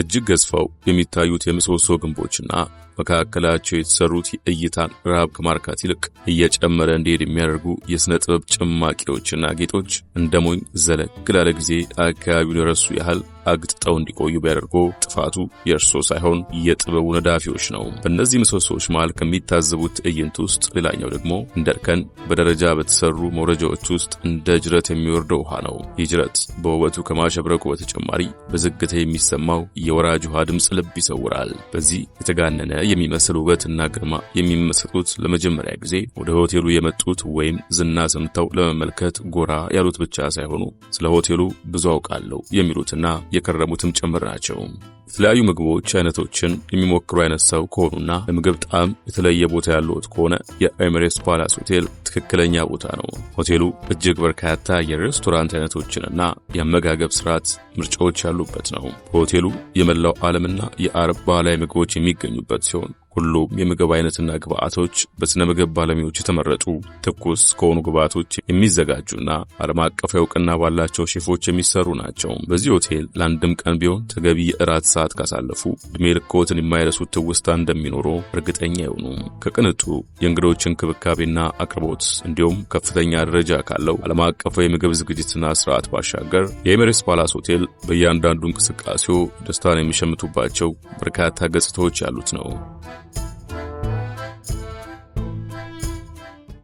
እጅግ ገዝፈው የሚታዩት የምሰሶ ግንቦችና መካከላቸው የተሰሩት የእይታን ረሃብ ከማርካት ይልቅ እየጨመረ እንዲሄድ የሚያደርጉ የሥነ ጥበብ ጭማቂዎችና ጌጦች እንደ ሞኝ ዘለግ ላለ ጊዜ አካባቢውን የረሱ ያህል አግጥጠው እንዲቆዩ ቢያደርጎ ጥፋቱ የእርሶ ሳይሆን የጥበቡ ነዳፊዎች ነው። በእነዚህ ምሰሶዎች መሃል ከሚታዘቡት ትዕይንት ውስጥ ሌላኛው ደግሞ እንደ እርከን በደረጃ በተሰሩ መውረጃዎች ውስጥ እንደ ጅረት የሚወርደው ውሃ ነው። ይህ ጅረት በውበቱ ከማሸብረቁ በተጨማሪ በዝግታ የሚሰማው የወራጅ ውሃ ድምፅ ልብ ይሰውራል። በዚህ የተጋነነ የሚመስል ውበትና ግርማ የሚመሰጡት ለመጀመሪያ ጊዜ ወደ ሆቴሉ የመጡት ወይም ዝና ሰምተው ለመመልከት ጎራ ያሉት ብቻ ሳይሆኑ ስለ ሆቴሉ ብዙ አውቃለሁ የሚሉትና የከረሙትም ጭምር ናቸው። የተለያዩ ምግቦች አይነቶችን የሚሞክሩ አይነት ሰው ከሆኑና ለምግብ ጣዕም የተለየ ቦታ ያለዎት ከሆነ የኤሚሬትስ ፓላስ ሆቴል ትክክለኛ ቦታ ነው። ሆቴሉ እጅግ በርካታ የሬስቶራንት አይነቶችንና የአመጋገብ ስርዓት ምርጫዎች ያሉበት ነው። በሆቴሉ የመላው ዓለምና የአረብ ባህላዊ ምግቦች የሚገኙበት ሲሆን ሁሉም የምግብ አይነትና ግብአቶች በሥነ ምግብ ባለሙያዎች የተመረጡ ትኩስ ከሆኑ ግብአቶች የሚዘጋጁና ዓለም አቀፍ እውቅና ባላቸው ሼፎች የሚሰሩ ናቸው። በዚህ ሆቴል ለአንድም ቀን ቢሆን ተገቢ የእራት ሰዓት ካሳለፉ ዕድሜ ልኮትን የማይረሱት ትውስታ እንደሚኖሩ እርግጠኛ የሆኑ ከቅንጡ የእንግዶች እንክብካቤና አቅርቦት እንዲሁም ከፍተኛ ደረጃ ካለው ዓለም አቀፍ የምግብ ዝግጅትና ስርዓት ባሻገር የኤሜሬስ ፓላስ ሆቴል በእያንዳንዱ እንቅስቃሴው ደስታን የሚሸምቱባቸው በርካታ ገጽታዎች ያሉት ነው።